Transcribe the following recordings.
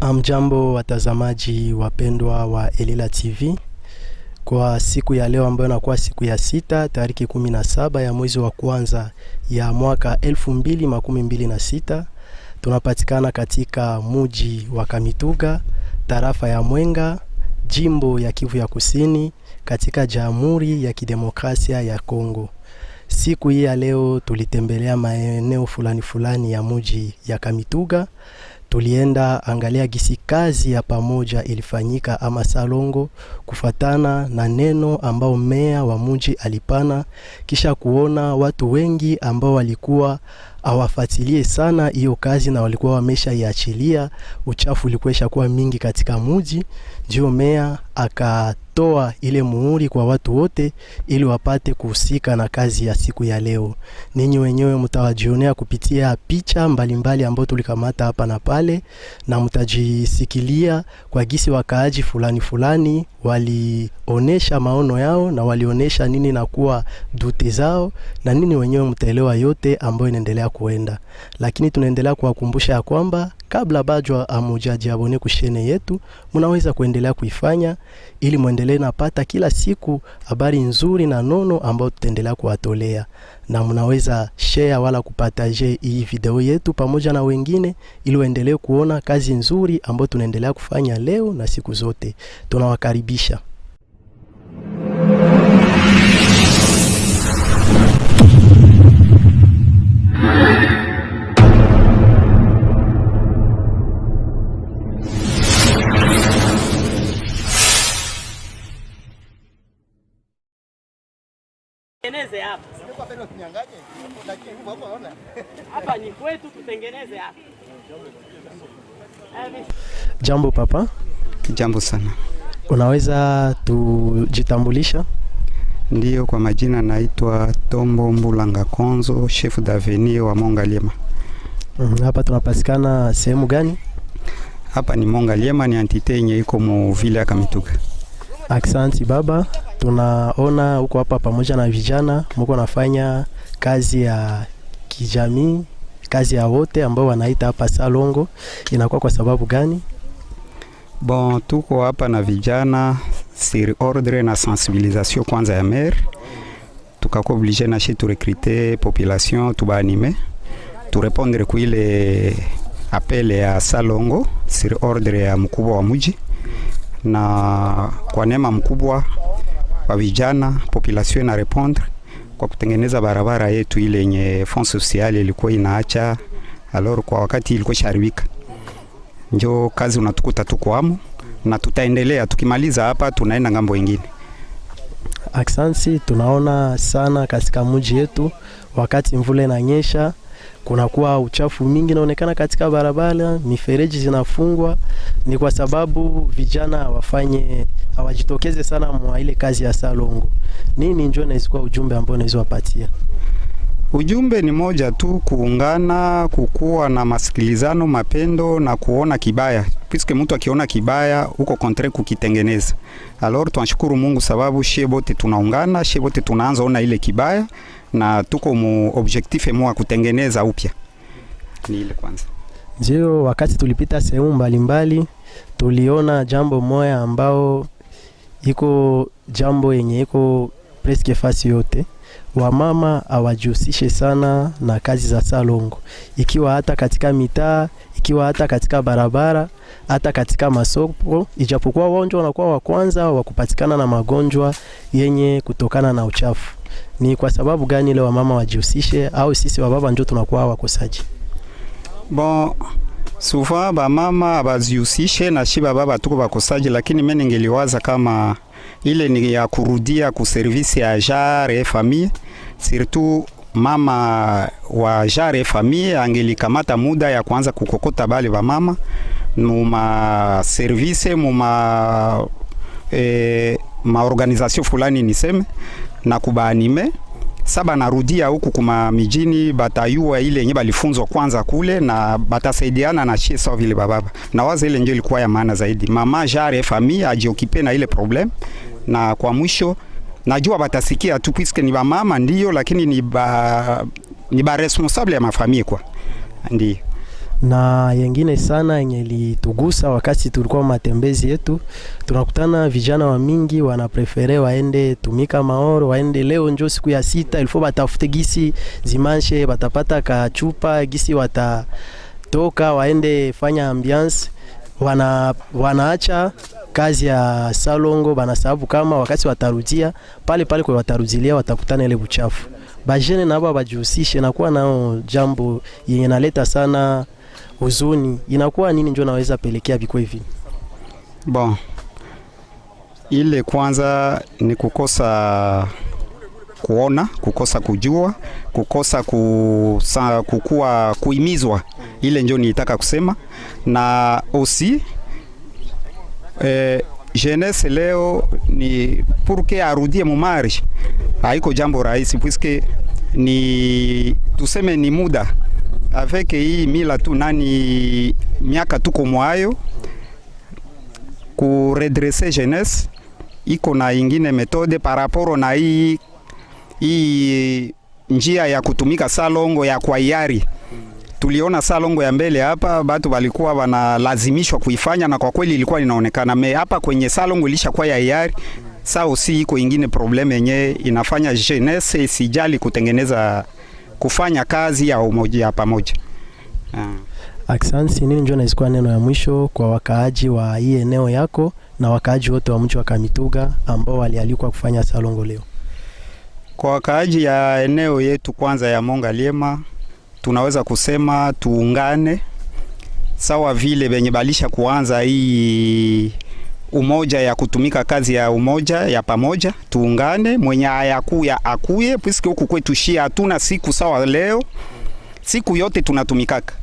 Amjambo, watazamaji wapendwa wa Elila TV, kwa siku ya leo ambayo inakuwa siku ya sita tariki 17 ya mwezi wa kwanza ya mwaka 2026 Tunapatikana katika muji wa Kamituga, tarafa ya Mwenga, jimbo ya Kivu ya Kusini, katika Jamhuri ya Kidemokrasia ya Kongo. Siku hii ya leo tulitembelea maeneo fulani fulani ya muji ya Kamituga. Tulienda angalia gisi kazi ya pamoja ilifanyika ama salongo, kufatana na neno ambao meya wa muji alipana, kisha kuona watu wengi ambao walikuwa awafatilie sana hiyo kazi, na walikuwa wamesha iachilia Uchafu ulikuwa ishakuwa mingi katika muji, ndio meya aka kutoa ile muhuri kwa watu wote ili wapate kuhusika na kazi ya siku ya leo. Ninyi wenyewe mtawajionea kupitia picha mbalimbali ambazo tulikamata hapa na pale, na mtajisikilia kwa gisi wakaaji fulani fulani walionesha maono yao na walionesha nini na kuwa dute zao, na nini wenyewe mtaelewa yote ambayo inaendelea kuenda, lakini tunaendelea kuwakumbusha ya kwamba kabla bajwa amujaji abone kushene yetu, mnaweza kuendelea kuifanya ili muendelee muendelee napata kila siku habari nzuri na nono ambayo tutaendelea kuwatolea, na mnaweza share wala kupataje hii video yetu pamoja na wengine, ili waendelee kuona kazi nzuri ambayo tunaendelea kufanya leo na siku zote. Tunawakaribisha. tutengeneze hapa. Hapa ni kwetu, tutengeneze hapa. Jambo papa. Jambo sana. Unaweza tujitambulisha? Ndiyo, kwa majina naitwa Tombo Mbulanga Konzo, chef d'avenir wa Mongaliema. Mm, hapa tunapatikana sehemu gani? Hapa ni Mongaliema, ni antite yenye iko mu vile ya Kamituga. Aksanti baba tunaona huko hapa pamoja na vijana mko nafanya kazi ya kijamii, kazi ya wote ambao wanaita hapa Salongo. Inakuwa kwa sababu gani? Bon, tuko hapa na vijana sur ordre na sensibilisation kwanza ya mer tukako oblige nashi turekrite population tubaanime turepondre kuile apele ya Salongo sur ordre ya mkubwa wa muji na kwa neema mkubwa wa vijana population na répondre kwa kutengeneza barabara yetu ile yenye fond social ilikuwa inaacha alors, kwa wakati ilikuwa sharibika, njo kazi unatukuta tukwamo na tutaendelea tukimaliza hapa, tunaenda ngambo ingine. Aksansi, tunaona sana katika mji yetu wakati mvula inanyesha kunakuwa uchafu mingi naonekana katika barabara, mifereji zinafungwa. Ni kwa sababu vijana hawafanye hawajitokeze sana mwa ile kazi ya salongo. Nini njoo naizikuwa ujumbe ambao naizowapatia? Ujumbe ni moja tu, kuungana, kukuwa na masikilizano, mapendo na kuona kibaya, piske mtu akiona kibaya huko kontre kukitengeneza. Alors tunashukuru Mungu sababu shie bote tunaungana, shie bote tunaanza ona ile kibaya na tuko mu objectif mwa kutengeneza upya. Ni ile kwanza ndio, wakati tulipita sehemu mbalimbali tuliona jambo moya ambao iko jambo yenye iko presque fasi yote wamama hawajihusishe sana na kazi za salongo, ikiwa hata katika mitaa, ikiwa hata katika barabara, hata katika masoko, ijapokuwa ndio wanakuwa wa kwanza wa kupatikana na magonjwa yenye kutokana na uchafu. Ni kwa sababu gani leo wamama wajihusishe au sisi wababa ndio tunakuwa wakosaji? Bon, suva bamama abazihusishe na shi bababa tuko bakosaji, lakini mimi ningeliwaza kama ile ni ya kurudia ku service ya jare famille surtout mama wa jare famille angelikamata muda ya kuanza kukokota bale ba mama muma service muma eh, maorganizasio fulani niseme na kubaanime saba narudia huku kuma mijini batayua ile yenye balifunzwa kwanza kule na batasaidiana na shie sawa vile bababa na waza, ile ndio ilikuwa ya maana zaidi. Mama jare famille ajiokipe na ile problem, na kwa mwisho najua batasikia tu puisque ni bamama ndio, lakini ni ba, ni ba responsable ya mafamie kwa ndio na yengine sana yenye litugusa wakati tulikuwa matembezi yetu, tunakutana vijana wa mingi wanaprefere waende tumika maoro, waende leo njo siku ya sita ilifo batafute gisi zimanshe batapata kachupa gisi watatoka waende fanya ambiance, wana wanaacha kazi ya salongo bana sababu kama wakati watarudia pale pale kwa watarudilia watakutana ile buchafu bajene nabo bajihusishe na kuwa nao jambo yenye naleta sana huzuni, inakuwa nini ndio naweza pelekea vikwe hivi? Bon, ile kwanza ni kukosa kuona, kukosa kujua, kukosa kusa, kukua kuimizwa, ile ndio nilitaka kusema na osi eh, jeunesse leo ni purke arudie mumari, haiko jambo rahisi, puisque ni tuseme ni muda avec hii mila tu nani miaka tuko mwayo ku redresse jeunesse iko na ingine metode par rapport na hii hii njia ya kutumika salongo ya kwa kwaiari. Tuliona salongo ya mbele hapa batu walikuwa wanalazimishwa kuifanya, na kwa kweli ilikuwa inaonekana me hapa kwenye salongo ilishakuwa ya iari. Saa usi iko ingine problem yenye inafanya jeunesse isijali kutengeneza kufanya kazi ya umoja ya pamoja. Ah. Aksansi nini njo naizikuwa neno ya mwisho kwa wakaaji wa hii eneo yako na wakaaji wote wa mji wa Kamituga ambao walialikwa kufanya salongo leo. Kwa wakaaji ya eneo yetu kwanza ya monga liema tunaweza kusema tuungane sawa vile benye balisha kuanza hii umoja ya kutumika kazi ya umoja ya pamoja, tuungane. Mwenye hayakuu ya akuye, pisiki huku kwetu shia hatuna siku sawa leo, siku yote tunatumikaka.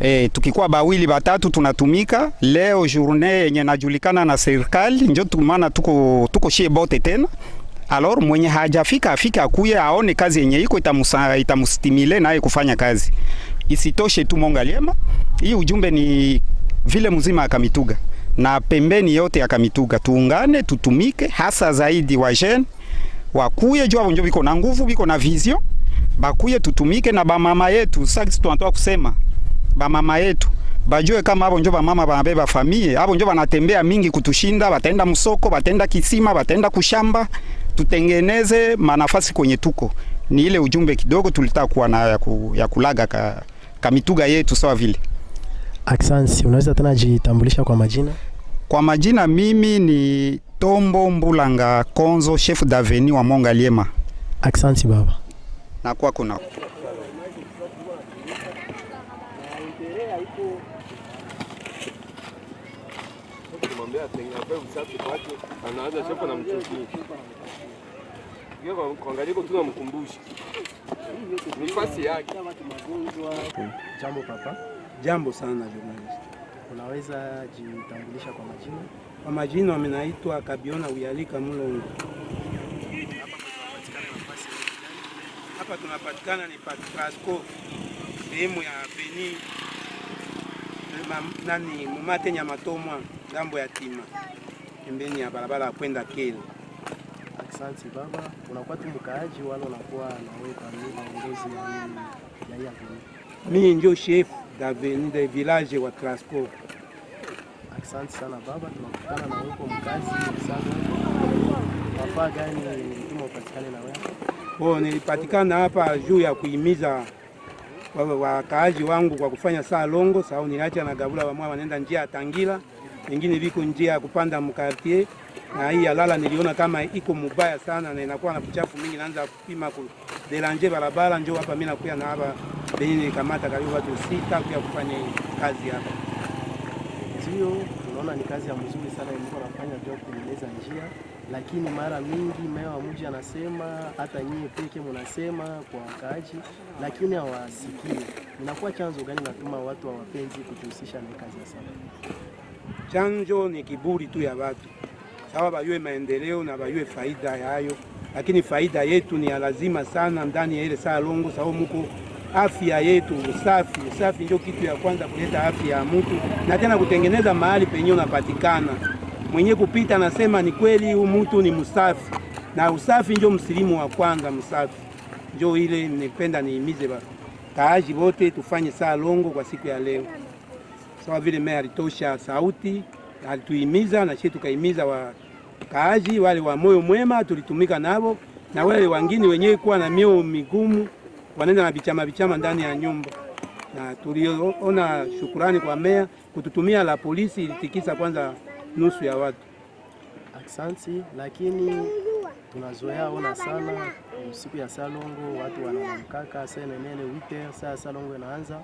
E, tukikuwa bawili batatu tunatumika. Leo journée yenye najulikana na serikali njo tumana tuko, tuko shie bote tena. alor mwenye hajafika afike akuye aone kazi yenye iko itamustimile naye kufanya kazi. Isitoshe tu Mongaliema, hii ujumbe ni vile mzima akamituga na pembeni yote ya Kamituga, tuungane tutumike, hasa zaidi wa jeune wakuye jua bonjo biko na nguvu biko na vision, bakuye tutumike na ba mama yetu. Sasa tunatoa kusema ba mama yetu bajue kama abo njo ba beba famiye, abo njo banatembea mingi kutushinda. batenda musoko, batenda kisima, batenda kushamba. Tutengeneze manafasi kwenye tuko. Ni ile ujumbe kidogo tulitaka kuwa nayo ya kulaga ka, Kamituga yetu sawa vile. Aksansi, unaweza tena jitambulisha kwa majina? Kwa majina mimi ni Tombo Mbulanga Konzo, chef d'aveni wa Mongaliema. Aksansi baba. Na kwa kuna Jambo papa. Jambo sana journalist. Unaweza jitambulisha kwa majina? Kwa majina amenaitwa Kabiona Uyalika Mulongo. Hapa tunapatikana ni Patrasco sehemu ya Beni nani Mumate Nyamatomwa, ngambo ya Tima, pembeni ya barabara kwenda Kele. Asante baba, unakuwa tu mkaaji wala unakuwa wewe kwa miongozi ya ya ya. Mimi ndio chef des villages wa transport. Asante sana baba, tunakutana na huko mkazi sana. Wafaa gani mtume upatikane na wewe? Oh, nilipatikana hapa juu ya kuhimiza wakaaji wangu kwa kufanya saa longo sau niliacha na gabula wamwa wanaenda njia ya Tangila, wengine viko njia ya kupanda mkartie, na hii ya niliona kama iko mubaya sana na inakuwa na uchafu mingi, naanza kupima ku derange barabara, njoo hapa mimi nakuya na hapa Then nilikamata karibu watu sita pia kufanya kazi hapa. Ndio tunaona ni kazi ya mzuri sana ilikuwa nafanya job kuendeleza njia, lakini mara mingi mayo wa mji anasema, hata nyie peke mnasema kwa wakaaji, lakini hawasikii. Inakuwa chanzo gani natuma watu hawapenzi kujihusisha na kazi ya sana? Chanzo ni kiburi tu ya watu sawa, bajue maendeleo na bajue faida yayo, lakini faida yetu ni ya lazima sana ndani ya ile saa longo sawa muko afya yetu, usafi. Usafi ndio kitu ya kwanza kuleta afya ya mtu na tena kutengeneza mahali penye unapatikana mwenye kupita anasema ni kweli, huu mtu ni msafi, na usafi ndio msilimu wa kwanza. Msafi ndio ile nipenda niimize wakaaji wote tufanye saa longo kwa siku ya leo, sawa vile mea alitosha sauti alituimiza, na sisi wa kaaji wale wa moyo mwema tulitumika navo, na wale wengine wenyewe kuwa na mioyo migumu wanaenda na vichama vichama ndani ya nyumba, na tuliona shukurani kwa meya kututumia la polisi ilitikisa kwanza nusu ya watu. Aksanti, lakini tunazoea ona sana siku ya salongo watu wanamkaka senenene wite saa salongo inaanza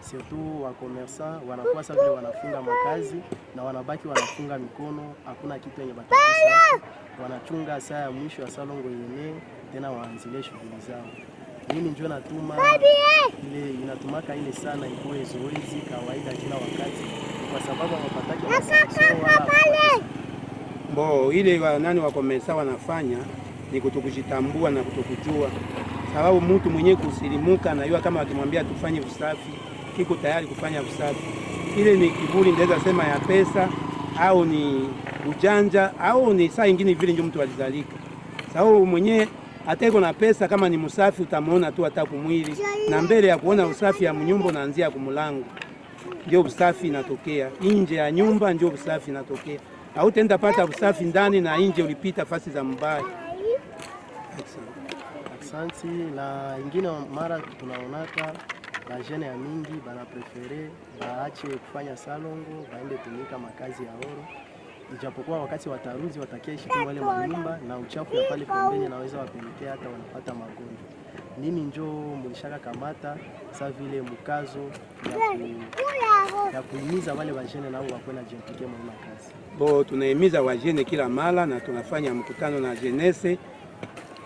surtout wakomersa wanakuwa sa vile wanafunga makazi na wanabaki wanafunga mikono, hakuna kitu yenye batakusa, wanachunga saa ya mwisho ya salongo yenyewe, tena waanzilie shughuli zao mimi ndio natuma eh! ile inatumaka ile sana ikuwe zoezi kawaida kila wakati, kwa sababu hawapataki mbo ile wanani wakomesa wanafanya ni kutokujitambua na kutokujua, sababu mtu mwenyewe kusilimuka yua kama wakimwambia tufanye usafi kiko tayari kufanya usafi. Ile ni kiburi, ndaweza sema ya pesa au ni ujanja au ni saa ingine vile ndio mtu alizalika, sababu mwenyewe hata iko na pesa, kama ni msafi utamwona tu hata kumwili, na mbele ya kuona usafi ya mnyumba naanzia kumlango, ndio usafi inatokea nje ya nyumba, ndio usafi inatokea. Hautenda pata usafi ndani na nje, ulipita fasi za mbaya. Aksanti. Na ingine mara tunaonaka bajene ya mingi banaprefere baache kufanya salongo, baende tumika makazi ya oro ijapokuwa wakati wa taruzi watakiaishi tu wale manyumba na uchafu ya pale pembeni naweza wapelekea hata wanapata magonjwa. Nini njoo mulishaka kamata sa vile mkazo ya kuhimiza wale wajene nao wakuwe na jiaplike mwana kazi bo, tunahimiza wajene kila mara na tunafanya mkutano na jenese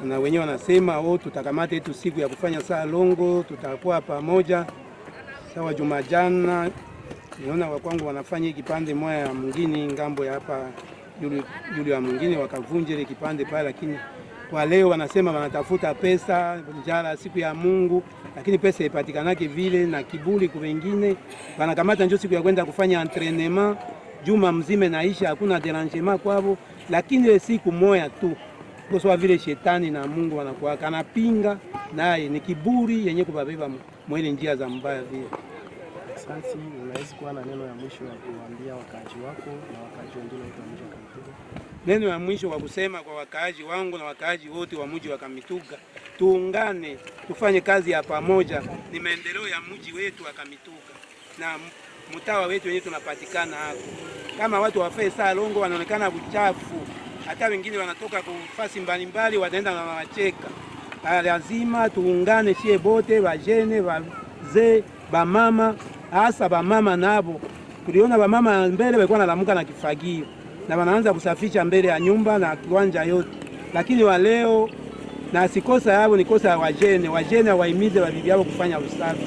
na wenyewe wanasema oh, tutakamata yetu siku ya kufanya saa longo, tutakuwa pamoja sawa Jumajana niona wakwangu wanafanya kipande moja ya mwingine ngambo ya hapa yule wa mwingine wakavunja ile kipande pale, lakini kwa leo wanasema wanatafuta pesa njala siku ya Mungu, lakini pesa ipatikanake vile na kiburi. Kwa wengine wanakamata njoo siku ya kwenda kufanya entraînement juma mzima naisha, hakuna derangement kwavo, lakini ile siku moya tu kwa vile shetani na Mungu wanakuwa kanapinga naye, ni kiburi yenye kubabeba mwele njia za mbaya vile Sansi, unaweza kuwa na neno ya mwisho ya kuambia wakaaji wako na wakaaji wengine wote wa mji wa Kamituga? Neno ya mwisho wa kusema kwa wakaaji wangu na wakaaji wote wa mji wa Kamituga, tuungane tufanye kazi ya pamoja, ni maendeleo ya mji wetu wa Kamituga na mtawa wetu wenyewe tunapatikana hapo. Kama watu wa saa longo wanaonekana buchafu, hata wengine wanatoka kufasi mbalimbali wanaenda na wacheka, ah, Lazima tuungane sie bote, wajene wazee, bamama hasa bamama nabo kuliona bamama mbele walikuwa wanalamuka na kifagio na wanaanza kusafisha mbele ya nyumba na kiwanja yote, lakini wa leo na sikosa yao ni kosa ya wajene. Wajene waimize wabibi yao kufanya usafi.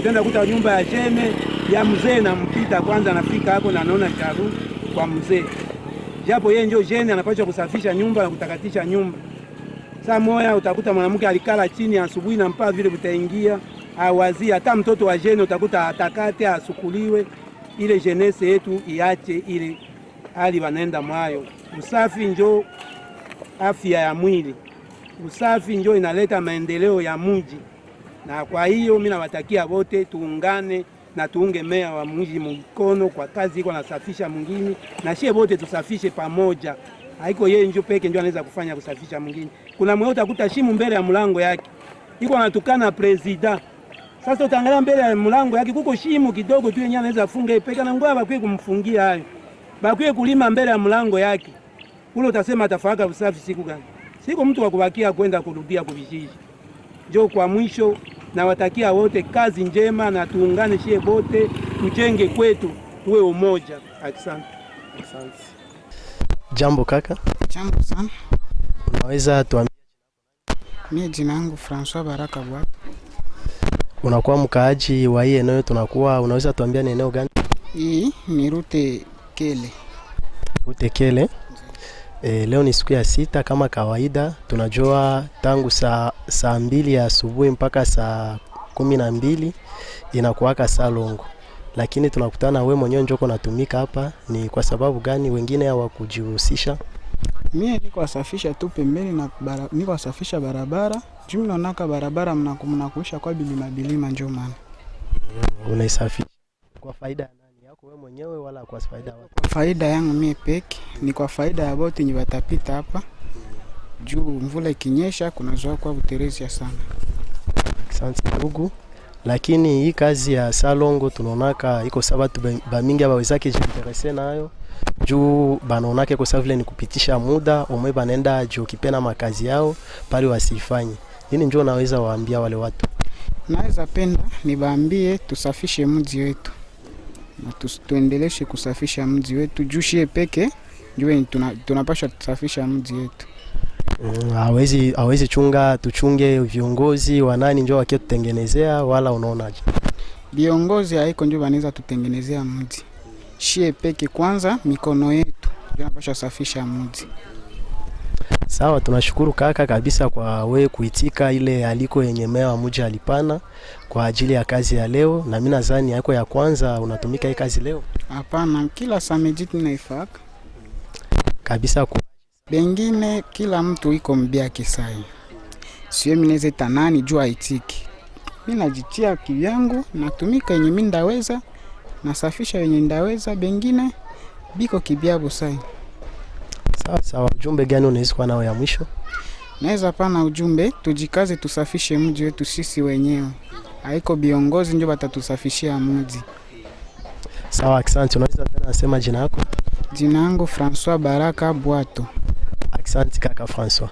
Utaenda kuta nyumba ya jene ya mzee nampita kwanza, anafika hapo na anaona charu kwa mzee, japo yeye ndio jene anapaswa kusafisha nyumba na kutakatisha nyumba. Saa moya utakuta mwanamke alikala chini asubuhi na mpaa vile vitaingia awazi hata mtoto wa jeune utakuta atakate asukuliwe. Ile jeunesse yetu iache ile hali wanaenda mwayo. Usafi njo afya ya mwili, usafi njo inaleta maendeleo ya mji, na kwa hiyo mimi nawatakia wote tuungane na tuunge meya wa mji mkono kwa kazi iko nasafisha mwingine, na shie wote tusafishe pamoja. Haiko yeye njo peke njo anaweza kufanya kusafisha mwingine. Kuna mwe utakuta shimu mbele ya mlango yake iko anatukana president sasa utaangalia mbele ya mlango yake kuko shimo kidogo tu yenyewe anaweza kufunga ipeka na ngoa bakwe kumfungia hayo. Bakwe kulima mbele ya mlango yake. Ule utasema atafaka usafi siku gani? Siku mtu wa kubakia kwenda kurudia kuvijiji. Njoo kwa mwisho na watakia wote kazi njema na tuungane shie bote tujenge kwetu tuwe umoja. Asante. Asante. Jambo kaka. Jambo sana. Unaweza tuambie? Mimi jina langu François Baraka Bwapa. Unakuwa mkaaji wa hii eneo, tunakuwa unaweza tuambia ni eneo gani? Hii ni Rute Kele. Rute Kele. E, leo ni siku ya sita kama kawaida, tunajua tangu saa saa mbili ya asubuhi mpaka saa kumi na mbili inakuwaka saa longo, lakini tunakutana we mwenyewe njoko natumika hapa. Ni kwa sababu gani wengine hawakujihusisha? Mimi niko asafisha tu pembeni na bara, niko asafisha barabara jumla naka barabara mnakuisha kwa bilima bilima, njo maana unaisafisha kwa faida ya nani? Yako wewe mwenyewe wala kwa faida wako? Kwa faida yangu mie peke, ni kwa faida ya boti nyi watapita hapa juu mvula ikinyesha kuna zoa kwa buterezia sana. Asante ndugu, lakini hii kazi ya salongo tunaonaka iko sabatu ba mingi bamingi abawezake jinterese nayo juu banaonake kosa vile ni kupitisha muda omwe banaenda juu kipena makazi yao pale wasifanye nini njoo naweza waambia wale watu? Naweza penda nibaambie tusafishe mji wetu na tuendeleshe kusafisha mji wetu juu shie peke njue tuna, tunapasha tusafisha mji wetu mm, hawezi mm, hawezi chunga tuchunge viongozi wanani njoo wakie tutengenezea, wala unaonaje? Viongozi haiko njoo wanaweza tutengenezea mji, shie peke kwanza mikono yetu ndio napasha safisha mji. Sawa, tunashukuru kaka kabisa kwa wewe kuitika ile aliko yenye meya wa mji alipana kwa ajili ya kazi ya leo, na mimi nadhani yako ya kwanza unatumika hii kazi leo. Hapana, kila samedi tunaifaka kabisa ku... bengine kila mtu iko mbia kisai, sio mimi naweza tanani juu aitiki. Mimi najitia kivyangu, natumika yenye mimi ndaweza, nasafisha yenye ndaweza, bengine biko kibiabu sana. Sawa sawa, ujumbe gani unaweza kuwa nao ya mwisho? Naweza pana ujumbe, tujikaze, tusafishe mji wetu sisi wenyewe, haiko viongozi ndio batatusafishia mji. Sawa, asante. Unaweza tena sema jina yako? Jina yangu Francois Baraka Bwato. Asante kaka Francois.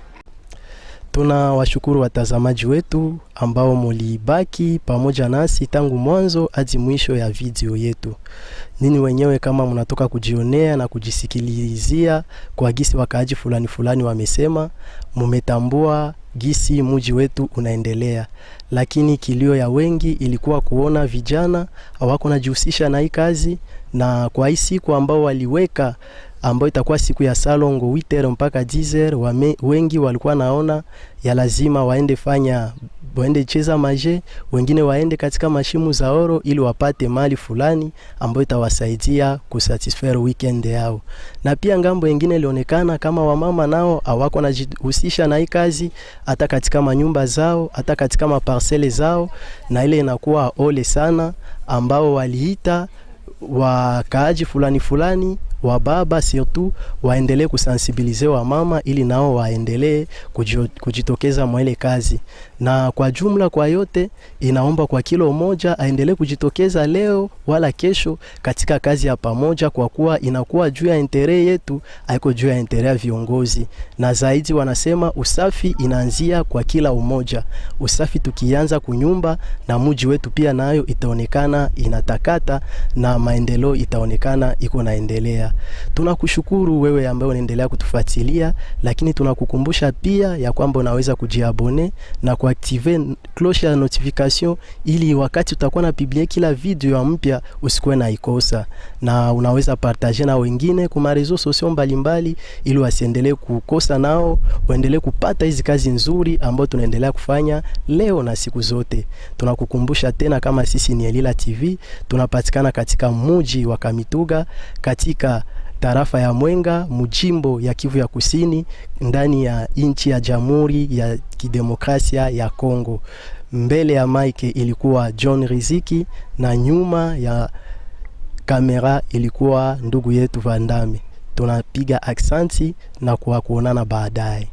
Tuna washukuru watazamaji wetu ambao mulibaki pamoja nasi tangu mwanzo hadi mwisho ya video yetu. Nini wenyewe kama mnatoka kujionea na kujisikilizia kwa gisi wakaaji fulani fulani wamesema, mumetambua gisi muji wetu unaendelea, lakini kilio ya wengi ilikuwa kuona vijana hawako najihusisha na hii kazi, na kwa hii siku ambao waliweka ambayo itakuwa siku ya salongo 8h mpaka 10h. Wengi walikuwa naona ya lazima waende fanya waende cheza maje, wengine waende katika mashimu za oro ili wapate mali fulani ambayo itawasaidia kusatisfare weekend yao. Na pia ngambo yengine ilionekana kama wamama nao hawako najihusisha na hii kazi, hata katika manyumba zao, hata katika maparsele zao, na ile inakuwa ole sana, ambao waliita wakaaji fulani fulani wa baba surtout waendelee kusensibilize wa mama ili nao waendelee kujitokeza mwele kazi na kwa jumla, kwa yote inaomba kwa kila mmoja aendelee kujitokeza leo wala kesho katika kazi ya pamoja, kwa kuwa inakuwa juu ya intere yetu, haiko juu ya intere ya viongozi. Na zaidi wanasema usafi inaanzia kwa kila umoja. Usafi tukianza kunyumba, na muji wetu pia nayo itaonekana inatakata na maendeleo itaonekana iko naendelea. Tunakushukuru wewe ambaye unaendelea kutufuatilia, lakini tunakukumbusha pia ya kwamba unaweza kujiabone na kwa kuaktive cloche ya notification ili wakati utakuwa na publie kila video ya mpya usikuwe na ikosa, na unaweza partager na wengine kwa marezo sosio mbalimbali, ili wasiendelee kukosa, nao waendelee kupata hizi kazi nzuri ambayo tunaendelea kufanya leo na siku zote. Tunakukumbusha tena kama sisi ni Elila TV, tunapatikana katika muji wa Kamituga katika tarafa ya Mwenga mjimbo ya Kivu ya Kusini ndani ya nchi ya Jamhuri ya Kidemokrasia ya Kongo. Mbele ya mike ilikuwa John Riziki na nyuma ya kamera ilikuwa ndugu yetu vandame Tunapiga aksanti na kuwa kuonana baadaye.